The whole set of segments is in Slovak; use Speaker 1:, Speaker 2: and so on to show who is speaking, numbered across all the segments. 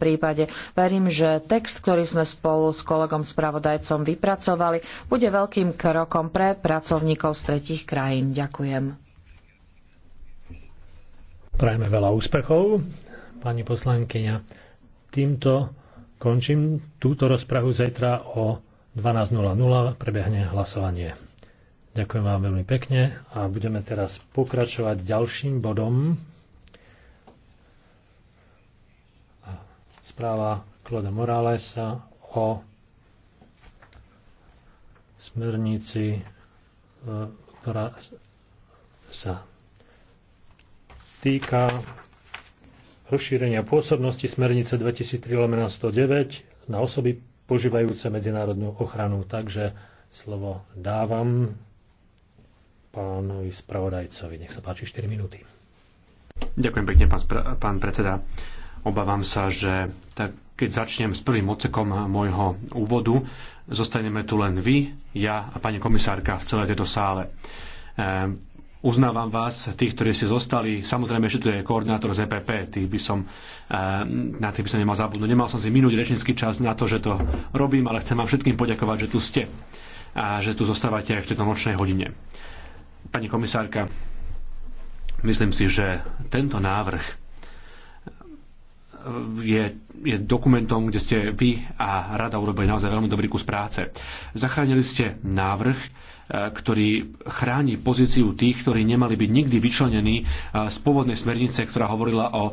Speaker 1: prípade. Verím, že text, ktorý sme spolu s kolegom spravodajcom vypracovali, bude veľkým krokom pre pracovníkov z tretich krajín. Ďakujem.
Speaker 2: Prajme veľa úspechov, pani poslankyňa. Týmto končím túto rozpravu zajtra o 12.00 prebehne hlasovanie. Ďakujem vám veľmi pekne a budeme teraz pokračovať ďalším bodom správa Kloda Moralesa o smernici, e, ktorá sa týka rozšírenia pôsobnosti smernice 2003-109 na osoby požívajúce medzinárodnú ochranu. Takže slovo dávam pánovi spravodajcovi. Nech sa páči 4 minúty.
Speaker 3: Ďakujem pekne, pán, pán predseda. Obávam sa, že tak, keď začnem s prvým odsekom môjho úvodu, zostaneme tu len vy, ja a pani komisárka v celej tejto sále. E, Uznávam vás, tých, ktorí ste zostali. Samozrejme, že tu je koordinátor z EPP, tých by som, ehm, na tých by som nemal zabudnúť. Nemal som si minúť rečnícky čas na to, že to robím, ale chcem vám všetkým poďakovať, že tu ste a že tu zostávate aj v tejto nočnej hodine. Pani komisárka, myslím si, že tento návrh je, je dokumentom, kde ste vy a rada urobili naozaj veľmi dobrý kus práce. Zachránili ste návrh, e, ktorý chráni pozíciu tých, ktorí nemali byť nikdy vyčlenení e, z pôvodnej smernice, ktorá hovorila o e,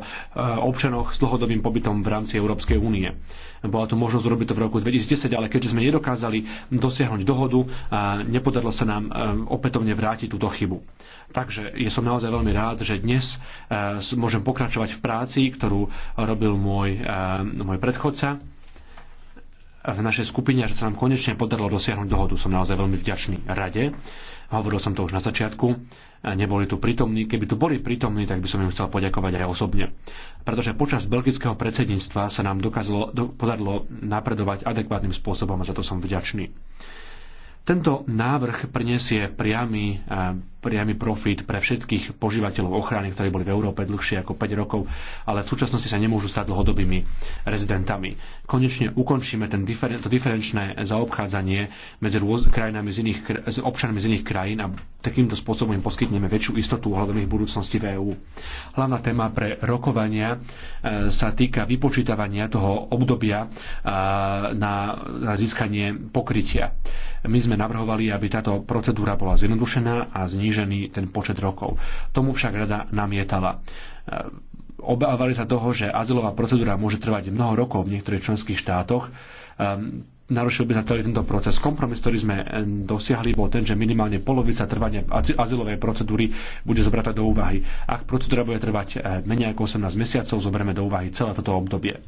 Speaker 3: občanoch s dlhodobým pobytom v rámci Európskej únie. Bola tu možnosť urobiť to v roku 2010, ale keďže sme nedokázali dosiahnuť dohodu, nepodarilo sa nám opätovne vrátiť túto chybu. Takže ja som naozaj veľmi rád, že dnes e, môžem pokračovať v práci, ktorú robil môj, e, môj predchodca v našej skupine, že sa nám konečne podarilo dosiahnuť dohodu. Som naozaj veľmi vďačný rade. Hovoril som to už na začiatku. E, neboli tu prítomní. Keby tu boli prítomní, tak by som im chcel poďakovať aj osobne. Pretože počas belgického predsedníctva sa nám dokázalo, do, podarilo napredovať adekvátnym spôsobom a za to som vďačný. Tento návrh prinesie priamy priamy profit pre všetkých požívateľov ochrany, ktorí boli v Európe dlhšie ako 5 rokov, ale v súčasnosti sa nemôžu stať dlhodobými rezidentami. Konečne ukončíme ten difer- to diferenčné zaobchádzanie medzi rôz- krajinami z iných, kr- s občanmi z iných krajín a takýmto spôsobom im poskytneme väčšiu istotu ohľadom ich budúcnosti v EÚ. Hlavná téma pre rokovania e, sa týka vypočítavania toho obdobia e, na, na získanie pokrytia. My sme navrhovali, aby táto procedúra bola zjednodušená a znížená znížený ten počet rokov. Tomu však rada namietala e, obávali sa toho, že azylová procedúra môže trvať mnoho rokov v niektorých členských štátoch. E, narušil by sa celý tento proces. Kompromis, ktorý sme e, dosiahli, bol ten, že minimálne polovica trvania azylovej procedúry bude zobrať do úvahy. Ak procedúra bude trvať menej ako 18 mesiacov, zoberieme do úvahy celé toto obdobie.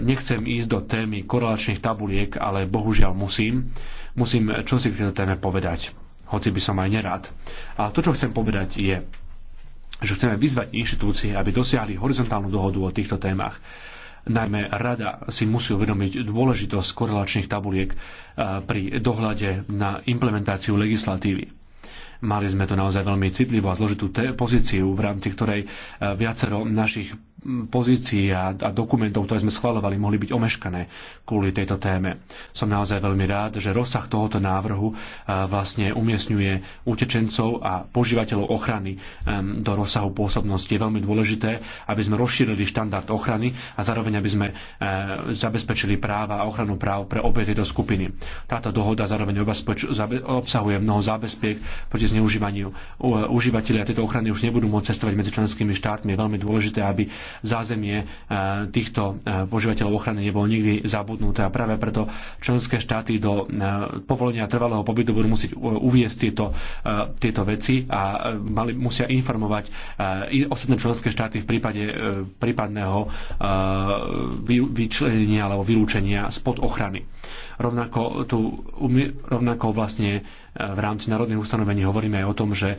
Speaker 3: Nechcem ísť do témy korelačných tabuliek, ale bohužiaľ musím. Musím čo si v tejto téme povedať hoci by som aj nerád. A to, čo chcem povedať, je, že chceme vyzvať inštitúcie, aby dosiahli horizontálnu dohodu o týchto témach. Najmä rada si musí uvedomiť dôležitosť korelačných tabuliek e, pri dohľade na implementáciu legislatívy. Mali sme tu naozaj veľmi citlivú a zložitú pozíciu, v rámci ktorej e, viacero našich pozícií a, a dokumentov, ktoré sme schvalovali, mohli byť omeškané kvôli tejto téme. Som naozaj veľmi rád, že rozsah tohoto návrhu vlastne umiestňuje utečencov a požívateľov ochrany do rozsahu pôsobnosti. Je veľmi dôležité, aby sme rozšírili štandard ochrany a zároveň aby sme e, zabezpečili práva a ochranu práv pre obe tieto skupiny. Táto dohoda zároveň obsahuje mnoho zábezpiek proti zneužívaniu. E, užívateľia tejto ochrany už nebudú môcť cestovať medzi členskými štátmi. Je veľmi dôležité, aby zázemie e, týchto e, požívateľov ochrany nebolo nikdy zabudnuté a práve preto členské štáty do e, povolenia trvalého pobytu budú musieť uviesť tieto, tieto veci a mali, musia informovať ostatné členské štáty v prípade prípadného vyčlenenia alebo vylúčenia spod ochrany. Rovnako, tu, rovnako vlastne e, v rámci národných ustanovení hovoríme aj o tom, že e,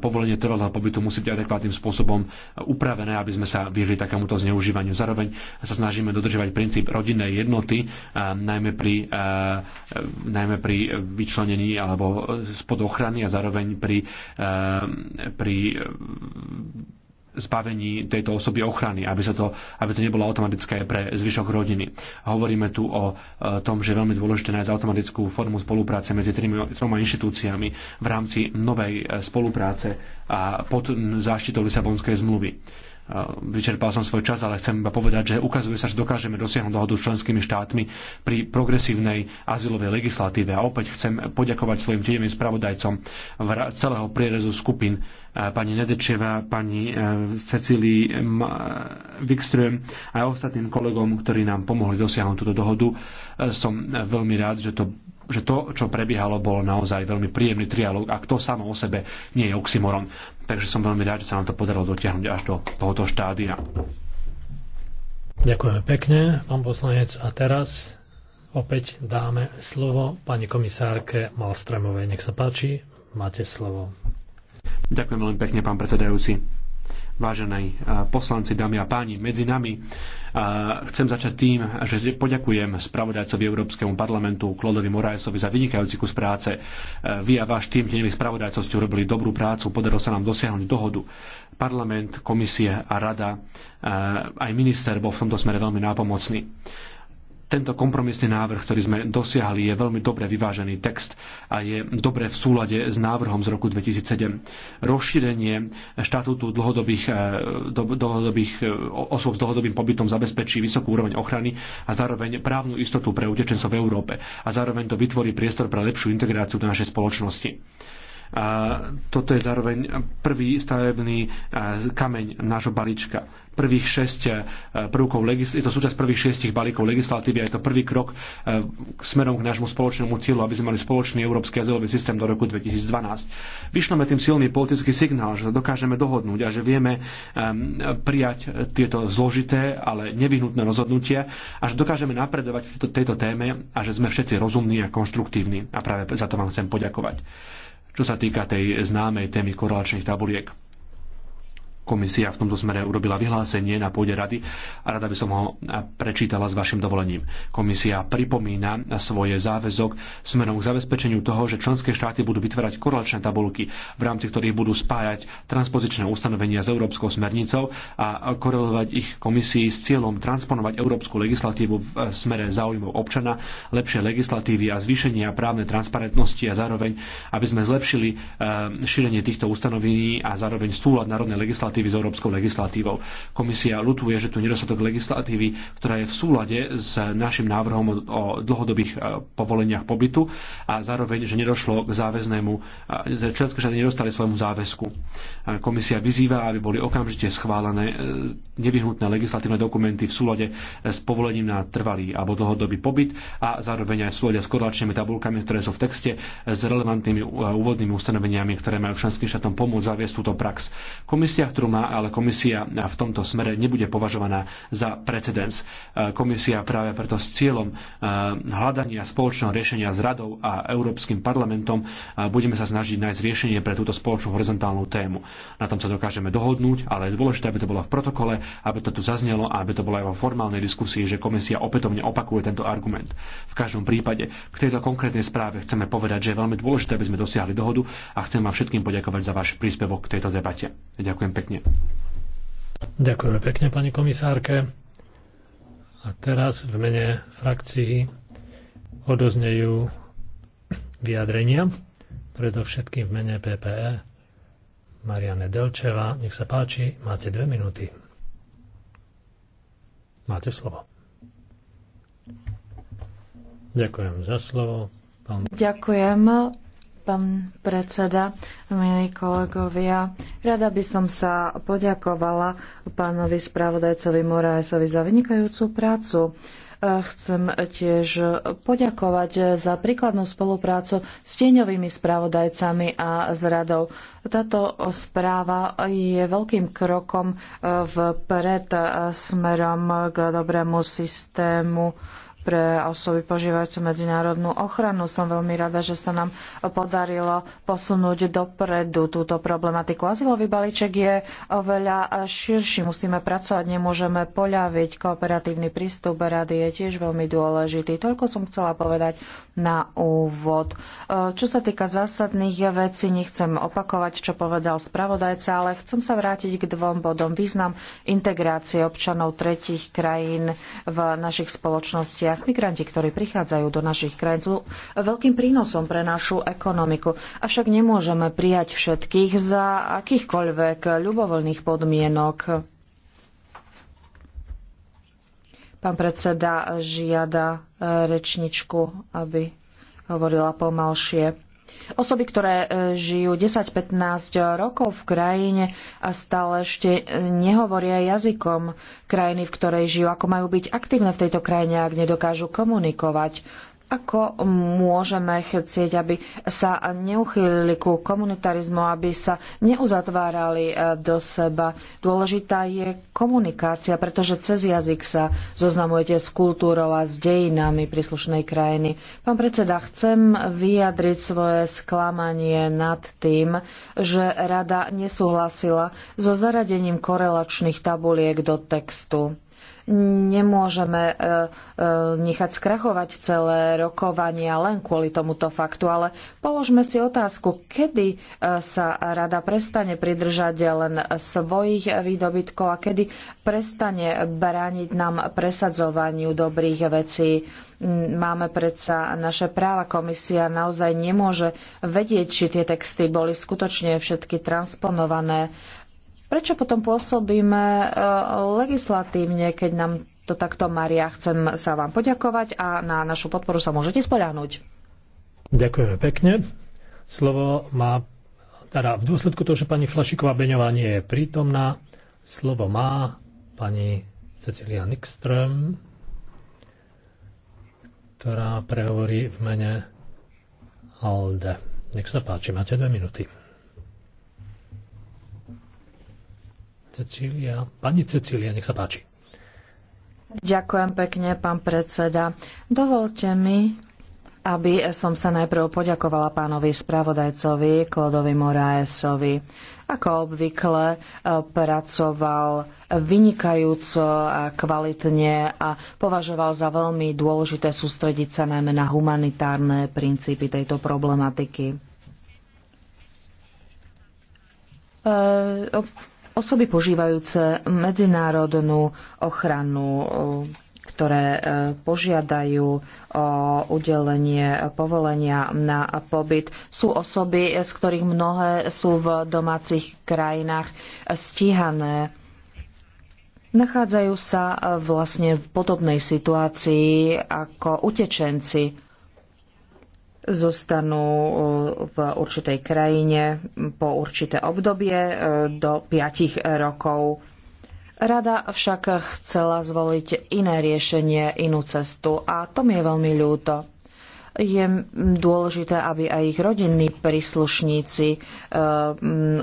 Speaker 3: povolenie trvalého pobytu musí byť adekvátnym spôsobom e, upravené, aby sme sa vyhli takémuto zneužívaniu. Zároveň sa snažíme dodržovať princíp rodinnej jednoty, najmä pri, najmä pri vyčlenení alebo spod ochrany a zároveň pri, pri zbavení tejto osoby ochrany, aby, sa to, aby to nebolo automatické pre zvyšok rodiny. Hovoríme tu o e, tom, že je veľmi dôležité nájsť automatickú formu spolupráce medzi tými troma inštitúciami v rámci novej e, spolupráce a pod záštitou Lisabonskej zmluvy e, vyčerpal som svoj čas, ale chcem iba povedať, že ukazuje sa, že dokážeme dosiahnuť dohodu s členskými štátmi pri progresívnej azylovej legislatíve. A opäť chcem poďakovať svojim tieňovým spravodajcom v celého prierezu skupín pani Nedečeva, pani e, Cecílii Wikström a ostatným kolegom, ktorí nám pomohli dosiahnuť túto dohodu. E, som veľmi rád, že to že to, čo prebiehalo, bol naozaj veľmi príjemný trialóg a to samo o sebe nie je oxymoron. Takže som veľmi rád, že sa nám to podarilo dotiahnuť až do tohoto štádia.
Speaker 2: Ďakujeme pekne, pán poslanec. A teraz opäť dáme slovo pani komisárke Malstremovej. Nech sa páči, máte slovo.
Speaker 3: Ďakujem veľmi pekne, pán predsedajúci. Vážené eh, poslanci, dámy a páni, medzi nami eh, chcem začať tým, že poďakujem spravodajcovi Európskemu parlamentu Klodovi Moraesovi za vynikajúci kus práce. Eh, vy a váš tým, tenevý spravodajcov, ste urobili dobrú prácu, podarilo sa nám dosiahnuť dohodu. Parlament, komisie a rada, aj minister bol v tomto smere veľmi nápomocný tento kompromisný návrh, ktorý sme dosiahli, je veľmi dobre vyvážený text a je dobre v súlade s návrhom z roku 2007. Rozšírenie štatútu dlhodobých, e, dlhodobých e, osôb s dlhodobým pobytom zabezpečí vysokú úroveň ochrany a zároveň právnu istotu pre utečencov v Európe a zároveň to vytvorí priestor pre lepšiu integráciu do našej spoločnosti toto je zároveň prvý stavebný e, kameň nášho balíčka. Prvých šesť e, prvkov, je to súčasť prvých šiestich balíkov legislatívy a je to prvý krok e, smerom k nášmu spoločnému cieľu, aby sme mali spoločný európsky azylový systém do roku 2012. Vyšleme tým silný politický signál, že dokážeme dohodnúť a že vieme prijať tieto zložité, ale nevyhnutné rozhodnutia a že dokážeme napredovať v tejto, tejto téme a že sme všetci rozumní a konštruktívni. A práve za to vám chcem poďakovať čo sa týka tej známej témy korelačných tabuliek. Komisia v tomto smere urobila vyhlásenie na pôde rady a rada by som ho prečítala s vašim dovolením. Komisia pripomína svoje záväzok smerom k zabezpečeniu toho, že členské štáty budú vytvárať korelačné tabulky, v rámci ktorých budú spájať transpozičné ustanovenia s európskou smernicou a korelovať ich komisii s cieľom transponovať európsku legislatívu v smere záujmov občana, lepšie legislatívy a zvýšenia právnej transparentnosti a zároveň, aby sme zlepšili eh, šírenie týchto ustanovení a zároveň súlad národnej legislatívy legislatívy s európskou legislatívou. Komisia lutuje, že tu nedostatok legislatívy, ktorá je v súlade s našim návrhom o dlhodobých e, povoleniach pobytu a zároveň, že nedošlo k záväznému, e, že členské štáty nedostali svojmu záväzku. Komisia vyzýva, aby boli okamžite schválené e, nevyhnutné legislatívne dokumenty v súlade e, s povolením na trvalý alebo dlhodobý pobyt a zároveň aj v súlade s korelačnými tabulkami, ktoré sú v texte e, s relevantnými úvodnými ustanoveniami, ktoré majú členským štátom pomôcť zaviesť túto prax. Komisia, ktorú má ale komisia v tomto smere nebude považovaná za precedens. Komisia práve preto s cieľom hľadania spoločného riešenia s radou a Európskym parlamentom budeme sa snažiť nájsť riešenie pre túto spoločnú horizontálnu tému na tom sa dokážeme dohodnúť, ale je dôležité, aby to bolo v protokole, aby to tu zaznelo a aby to bolo aj vo formálnej diskusii, že komisia opätovne opakuje tento argument. V každom prípade k tejto konkrétnej správe chceme povedať, že je veľmi dôležité, aby sme dosiahli dohodu a chcem vám všetkým poďakovať za váš príspevok k tejto debate. Ďakujem pekne.
Speaker 2: Ďakujeme pekne, pani komisárke. A teraz v mene frakcií odoznejú vyjadrenia, predovšetkým v mene PPE. Mariane Delčeva. Nech sa páči, máte dve minúty. Máte slovo. Ďakujem za slovo. Pán...
Speaker 1: Ďakujem, pán predseda, milí kolegovia. Rada by som sa poďakovala pánovi spravodajcovi Moraesovi za vynikajúcu prácu. Chcem tiež poďakovať za príkladnú spoluprácu s tieňovými spravodajcami a s radou. Táto správa je veľkým krokom e, vpred e, smerom k dobrému systému pre osoby požívajúce medzinárodnú ochranu. Som veľmi rada, že sa nám podarilo posunúť dopredu túto problematiku. Azylový balíček je oveľa širší. Musíme pracovať, nemôžeme poľaviť. Kooperatívny prístup rady je tiež veľmi dôležitý. Toľko som chcela povedať na úvod. E, čo sa týka zásadných vecí, nechcem opakovať, čo povedal spravodajca, ale chcem sa vrátiť k dvom bodom. Význam integrácie občanov tretich krajín v našich spoločnostiach. Migranti, ktorí prichádzajú do našich krajín, sú veľkým prínosom pre našu ekonomiku. Avšak nemôžeme prijať všetkých za akýchkoľvek ľubovoľných podmienok. Pán predseda žiada e, rečničku, aby hovorila pomalšie. Osoby, ktoré e, žijú 10-15 rokov v krajine a stále ešte nehovoria jazykom krajiny, v ktorej žijú, ako majú byť aktívne v tejto krajine, ak nedokážu komunikovať. Ako môžeme chcieť, aby sa neuchýlili ku komunitarizmu, aby sa neuzatvárali e, do seba? Dôležitá je komunikácia, pretože cez jazyk sa zoznamujete s kultúrou a s dejinami príslušnej krajiny. Pán predseda, chcem vyjadriť svoje sklamanie nad tým, že rada nesúhlasila so zaradením korelačných tabuliek do textu nemôžeme e, e, nechať skrachovať celé rokovania len kvôli tomuto faktu, ale položme si otázku, kedy e, sa rada prestane pridržať len svojich výdobytkov a kedy prestane brániť nám presadzovaniu dobrých vecí máme predsa naše práva. Komisia naozaj nemôže vedieť, či tie texty boli skutočne všetky transponované. Prečo potom pôsobíme e, legislatívne, keď nám to takto Maria. Chcem sa vám poďakovať a na našu podporu sa môžete spoľahnúť.
Speaker 2: Ďakujeme pekne. Slovo má, teda v dôsledku toho, že pani Flašiková Beňová nie je prítomná, slovo má pani Cecilia Nikström, ktorá prehovorí v mene Alde. Nech sa páči, máte dve minúty. Cecília. Pani Cecília, nech sa páči.
Speaker 1: Ďakujem pekne, pán predseda. Dovolte mi, aby som sa najprv poďakovala pánovi spravodajcovi Klodovi Moraesovi. Ako obvykle eh, pracoval vynikajúco a kvalitne a považoval za veľmi dôležité sústrediť sa najmä na humanitárne princípy tejto problematiky. E osoby požívajúce medzinárodnú ochranu eh, ktoré eh, požiadajú o udelenie povolenia na pobyt. Sú osoby, z ktorých mnohé sú v domácich krajinách stíhané. Nachádzajú sa eh, vlastne v podobnej situácii ako utečenci zostanú eh, v určitej krajine po určité obdobie eh, do 5 rokov. Rada však chcela zvoliť iné riešenie, inú cestu a to mi je veľmi ľúto je dôležité, aby aj ich rodinní príslušníci eh,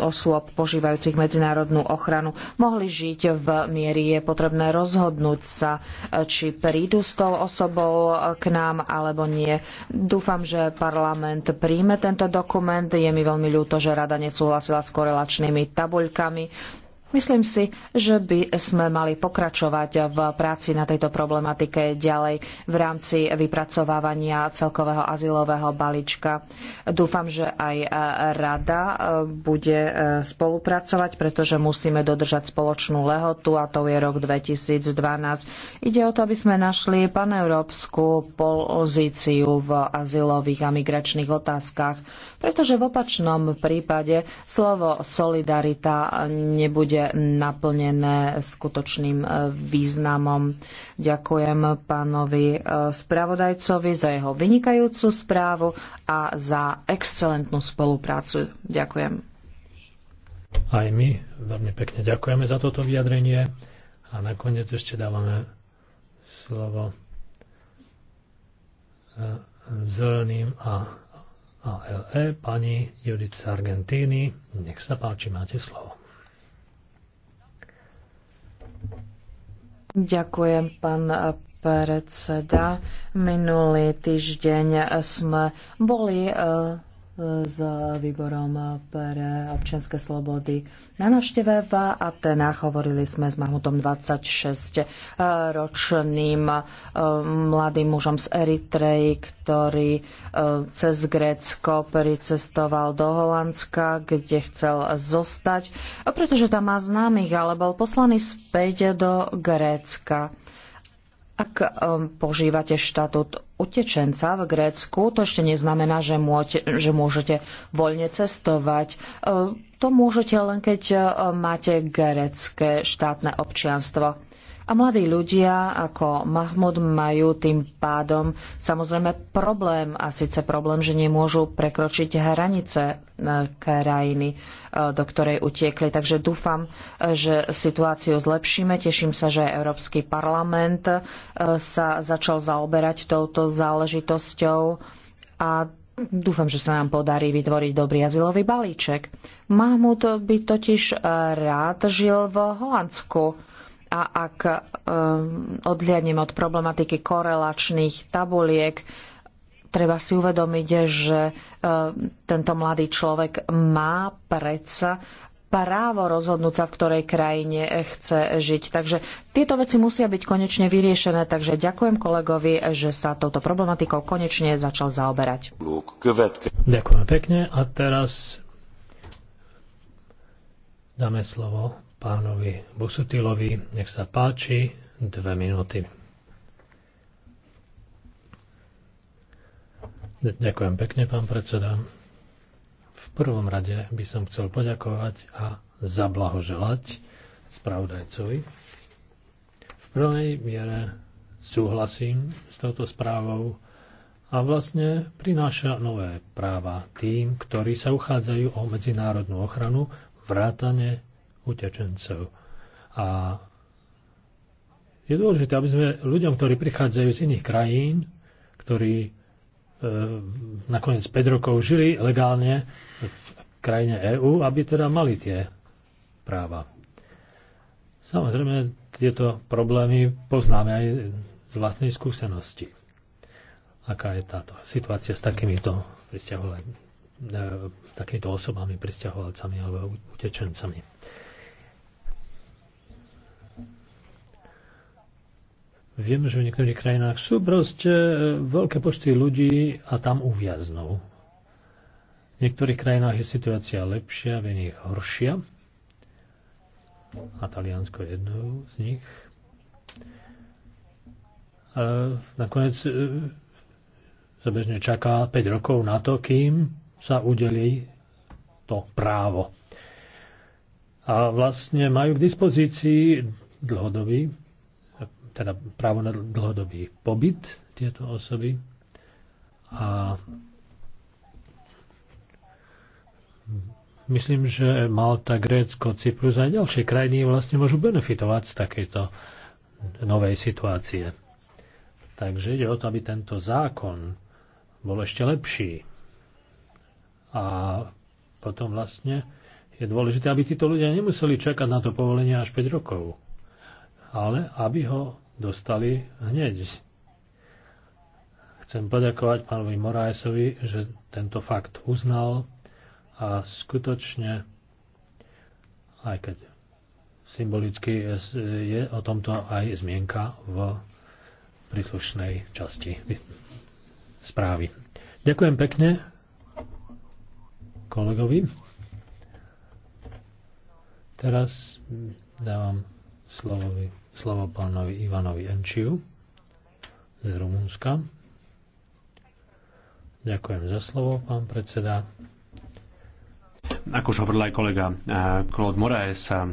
Speaker 1: osôb požívajúcich medzinárodnú ochranu mohli žiť v miery. Je potrebné rozhodnúť sa, eh, či prídu s tou osobou eh, k nám alebo nie. Dúfam, že parlament príjme tento dokument. Je mi veľmi ľúto, že rada nesúhlasila s korelačnými tabuľkami Myslím si, že by sme mali pokračovať v práci na tejto problematike ďalej v rámci vypracovávania celkového azylového balíčka. Dúfam, že aj rada e, bude e, spolupracovať, pretože musíme dodržať spoločnú lehotu a to je rok 2012. Ide o to, aby sme našli paneurópsku pozíciu v azylových a migračných otázkach, pretože v opačnom prípade slovo solidarita nebude bude naplnené skutočným e, významom. Ďakujem pánovi e, spravodajcovi za jeho vynikajúcu správu a za excelentnú spoluprácu. Ďakujem.
Speaker 2: Aj my veľmi pekne ďakujeme za toto vyjadrenie a nakoniec ešte dávame slovo e, zeleným a ALE pani Judith Argentíny. Nech sa páči, máte slovo.
Speaker 1: Ďakujem, pán predseda. Minulý týždeň sme boli eh, s výborom pre občianske slobody. Na návšteve v Atenách hovorili sme s Mahmutom 26-ročným e, e, mladým mužom z Eritreji, ktorý e, cez Grécko pricestoval do Holandska, kde chcel zostať, pretože tam má známych, ale bol poslaný späť do Grécka. Ak um, požívate štatút utečenca v Grécku, to ešte neznamená, že, môžete, že môžete voľne cestovať. Um, to môžete len, keď um, máte grécké štátne občianstvo. A mladí ľudia ako Mahmud majú tým pádom samozrejme problém a síce problém, že nemôžu prekročiť hranice e, krajiny, e, do ktorej utiekli. Takže dúfam, že situáciu zlepšíme. Teším sa, že Európsky parlament e, sa začal zaoberať touto záležitosťou a Dúfam, že sa nám podarí vytvoriť dobrý azylový balíček. Mahmud by totiž rád žil v Holandsku a ak ehm, odhliadnem od problematiky korelačných tabuliek, treba si uvedomiť, že ehm, tento mladý človek má predsa právo rozhodnúť sa, v ktorej krajine chce žiť. Takže tieto veci musia byť konečne vyriešené, takže ďakujem kolegovi, že sa touto problematikou konečne začal zaoberať.
Speaker 2: Ďakujem pekne a teraz dáme slovo pánovi Busutilovi. Nech sa páči, dve minúty. Ďakujem pekne, pán predseda. V prvom rade by som chcel poďakovať a zablahoželať spravodajcovi. V prvej miere súhlasím s touto správou a vlastne prináša nové práva tým, ktorí sa uchádzajú o medzinárodnú ochranu vrátane utečencov. A je dôležité, aby sme ľuďom, ktorí prichádzajú z iných krajín, ktorí e, nakoniec 5 rokov žili legálne v krajine EÚ, aby teda mali tie práva. Samozrejme, tieto problémy poznáme aj z vlastnej skúsenosti. Aká je táto situácia s takýmito e, takýmito osobami, pristahovalcami alebo utečencami. Viem, že v niektorých krajinách sú proste e, veľké počty ľudí a tam uviaznú. V niektorých krajinách je situácia lepšia, v iných horšia. A Taliansko je jednou z nich. A nakoniec e, sa bežne čaká 5 rokov na to, kým sa udelí to právo. A vlastne majú k dispozícii dlhodobý teda právo na dlhodobý pobyt tieto osoby a myslím, že Malta, Grécko, Cyprus a ďalšie krajiny vlastne môžu benefitovať z takejto novej situácie. Takže ide o to, aby tento zákon bol ešte lepší. A potom vlastne je dôležité, aby títo ľudia nemuseli čakať na to povolenie až 5 rokov ale aby ho dostali hneď. Chcem poďakovať pánovi Moraesovi, že tento fakt uznal a skutočne, aj keď symbolicky je o tomto aj zmienka v príslušnej časti správy. Ďakujem pekne kolegovi. Teraz dávam slovovi, slovo pánovi Ivanovi Enčiu z Rumunska. Ďakujem za slovo, pán predseda.
Speaker 3: Ako už hovoril aj kolega eh, Claude Moraes, eh,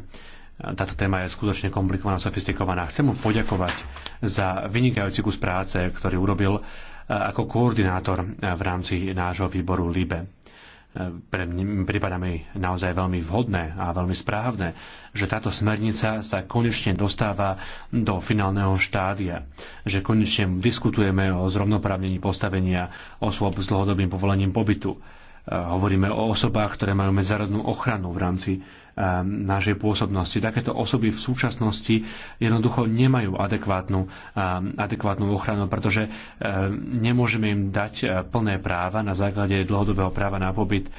Speaker 3: táto téma je skutočne komplikovaná, sofistikovaná. Chcem mu poďakovať za vynikajúci kus práce, ktorý urobil eh, ako koordinátor v rámci nášho výboru LIBE pre prípada mi naozaj veľmi vhodné a veľmi správne, že táto smernica sa konečne dostáva do finálneho štádia, že konečne diskutujeme o zrovnoprávnení postavenia osôb s dlhodobým povolením pobytu Hovoríme o osobách, ktoré majú medzárodnú ochranu v rámci eh, našej pôsobnosti. Takéto osoby v súčasnosti jednoducho nemajú adekvátnu, eh, adekvátnu ochranu, pretože eh, nemôžeme im dať plné práva na základe dlhodobého práva na pobyt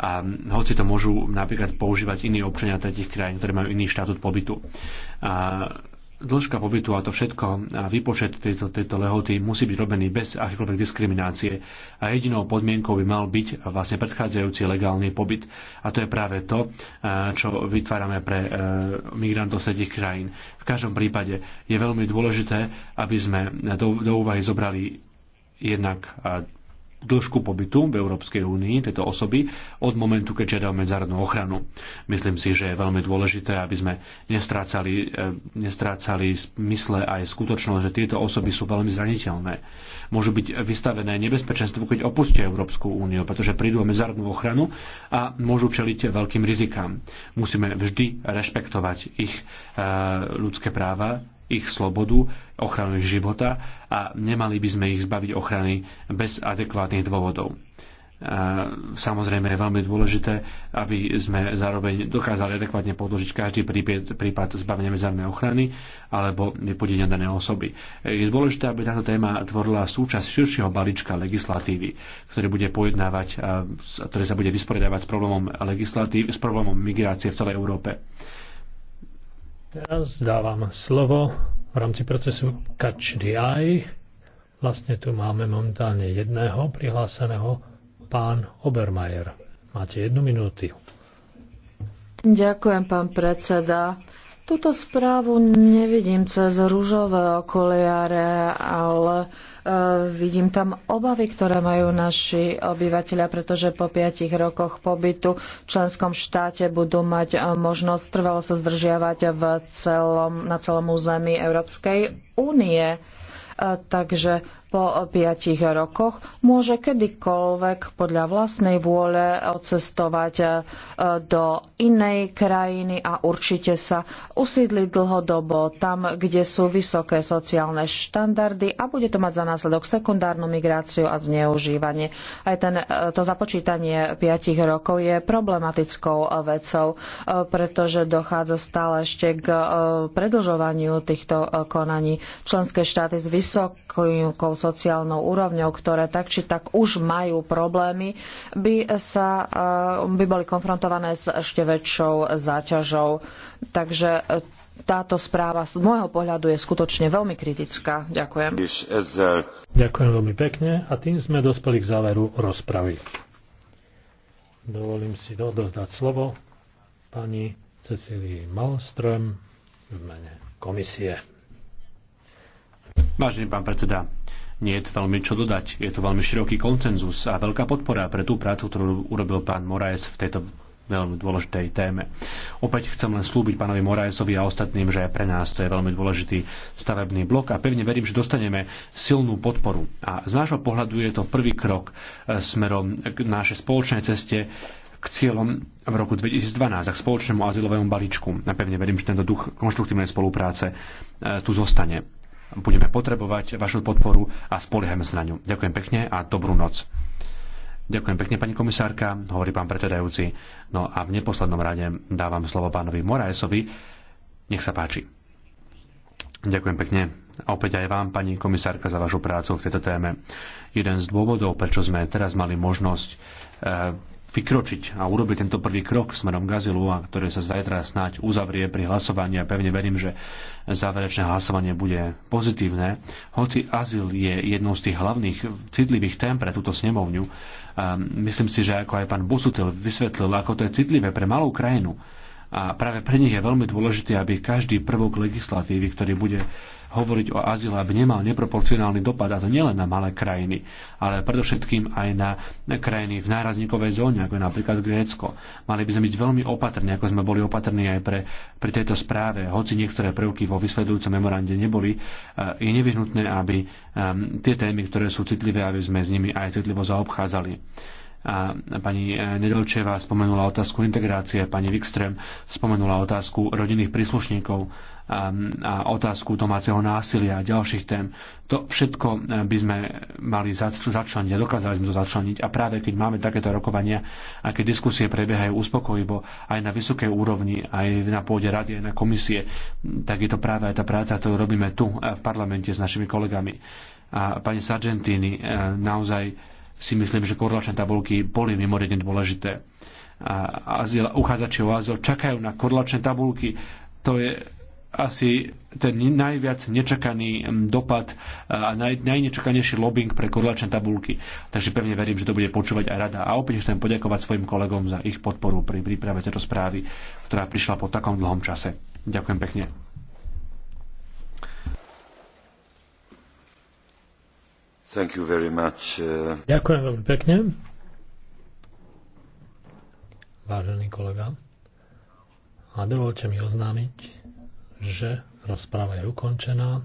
Speaker 3: a hoci to môžu napríklad používať iní občania tretich krajín, ktoré majú iný štatút pobytu. A dĺžka pobytu a to všetko a výpočet tejto, tejto lehoty musí byť robený bez akékoľvek diskriminácie a jedinou podmienkou by mal byť vlastne predchádzajúci legálny pobyt. A to je práve to, čo vytvárame pre e, migrantov z tých krajín. V každom prípade je veľmi dôležité, aby sme do, do úvahy zobrali jednak dĺžku pobytu v Európskej únii tejto osoby od momentu, keď žiada o medzárodnú ochranu. Myslím si, že je veľmi dôležité, aby sme nestrácali, e, nestrácali mysle aj skutočnosť, že tieto osoby sú veľmi zraniteľné. Môžu byť vystavené nebezpečenstvu, keď opustia Európsku úniu, pretože prídu o medzárodnú ochranu a môžu čeliť veľkým rizikám. Musíme vždy rešpektovať ich e, ľudské práva, ich slobodu, ochranu ich života a nemali by sme ich zbaviť ochrany bez adekvátnych dôvodov. E, samozrejme je veľmi dôležité, aby sme zároveň dokázali adekvátne podložiť každý prípad, prípad zbavenia medzárnej ochrany alebo nepodenia danej osoby. E, je dôležité, aby táto téma tvorila súčasť širšieho balíčka legislatívy, ktorý bude pojednávať, ktorý sa bude vysporiadávať s problémom, s problémom migrácie v celej Európe.
Speaker 2: Teraz dávam slovo v rámci procesu Catch the Eye. Vlastne tu máme momentálne jedného prihláseného, pán Obermajer. Máte jednu minútu.
Speaker 1: Ďakujem, pán predseda. Tuto správu nevidím cez rúžové okuliare, ale e, vidím tam obavy, ktoré majú naši obyvateľia, pretože po piatich rokoch pobytu v členskom štáte budú mať e, možnosť trvalo sa zdržiavať v celom, na celom území Európskej únie. E, takže po piatich rokoch môže kedykoľvek podľa vlastnej vôle odcestovať e, do inej krajiny a určite sa usídli dlhodobo tam, kde sú vysoké sociálne štandardy a bude to mať za následok sekundárnu migráciu a zneužívanie. Aj ten, e, to započítanie piatich rokov je problematickou vecou, e, pretože dochádza stále ešte k predlžovaniu týchto konaní. Členské štáty s vysokou sociálnou úrovňou, ktoré tak či tak už majú problémy, by, sa, eh, by boli konfrontované s ešte väčšou záťažou. Takže eh, táto správa z môjho pohľadu je skutočne veľmi kritická. Ďakujem.
Speaker 2: Ďakujem veľmi pekne a tým sme dospeli k záveru rozpravy. Dovolím si odozdať slovo pani Cecílii Malström v mene komisie.
Speaker 3: Vážený pán predseda, nie je veľmi čo dodať. Je to veľmi široký koncenzus a veľká podpora pre tú prácu, ktorú urobil pán Moraes v tejto veľmi dôležitej téme. Opäť chcem len slúbiť pánovi Moraesovi a ostatným, že pre nás to je veľmi dôležitý stavebný blok a pevne verím, že dostaneme silnú podporu. A z nášho pohľadu je to prvý krok e, smerom k našej spoločnej ceste k cieľom v roku 2012 a k spoločnému azylovému balíčku. A pevne verím, že tento duch konštruktívnej spolupráce e, tu zostane budeme potrebovať vašu podporu a spoliehame sa na ňu. Ďakujem pekne a dobrú noc. Ďakujem pekne, pani komisárka, hovorí pán predsedajúci. No a v neposlednom rade dávam slovo pánovi Moraesovi. Nech sa páči. Ďakujem pekne. A opäť aj vám, pani komisárka, za vašu prácu v tejto téme. Jeden z dôvodov, prečo sme teraz mali možnosť eh, vykročiť a urobiť tento prvý krok smerom k azylu, a ktoré sa zajtra snáď uzavrie pri hlasovaní a pevne verím, že záverečné hlasovanie bude pozitívne. Hoci azyl je jednou z tých hlavných citlivých tém pre túto snemovňu, myslím si, že ako aj pán Busutil vysvetlil, ako to je citlivé pre malú krajinu, a práve pre nich je veľmi dôležité, aby každý prvok legislatívy, ktorý bude hovoriť o azyle, aby nemal neproporcionálny dopad, a to nielen na malé krajiny, ale predovšetkým aj na krajiny v nárazníkovej zóne, ako je napríklad Grécko. Mali by sme byť veľmi opatrní, ako sme boli opatrní aj pre, pri tejto správe, hoci niektoré prvky vo vysvedujúcom memorande neboli, eh, je nevyhnutné, aby eh, tie témy, ktoré sú citlivé, aby sme s nimi aj citlivo zaobchádzali. A pani e, Nedolčeva spomenula otázku integrácie, pani Wikström spomenula otázku rodinných príslušníkov a, um, a otázku domáceho násilia a ďalších tém. To všetko e, by sme mali zač- začleniť a dokázali sme to začleniť. A práve keď máme takéto rokovania a keď diskusie prebiehajú uspokojivo aj na vysokej úrovni, aj na pôde rady, aj na komisie, tak je to práve aj tá práca, ktorú robíme tu e, v parlamente s našimi kolegami. A pani Sargentini naozaj si myslím, že korlačné tabulky boli mimoriadne dôležité. A azyl, uchádzači o azyl čakajú na korlačné tabulky. To je asi ten najviac nečakaný mm, dopad a naj, najnečakanejší lobbying pre korlačné tabulky. Takže pevne verím, že to bude počúvať aj rada. A opäť chcem poďakovať svojim kolegom za ich podporu pri príprave tejto správy, ktorá prišla po takom dlhom čase. Ďakujem pekne. Thank you very much. Uh,
Speaker 2: Ďakujem veľmi pekne. Vážený kolega. A dovolte mi oznámiť, že rozpráva je ukončená.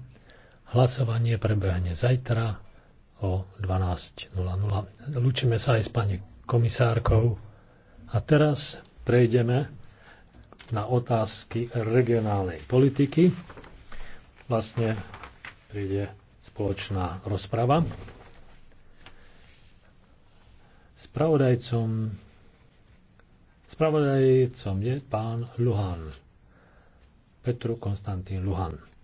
Speaker 2: Hlasovanie prebehne zajtra o 12.00. Lúčime sa aj s pani komisárkou. A teraz prejdeme na otázky regionálnej politiky. Vlastne príde spoločná rozprava. Spravodajcom, spravodajcom je pán Luhan. Petru Konstantín Luhan.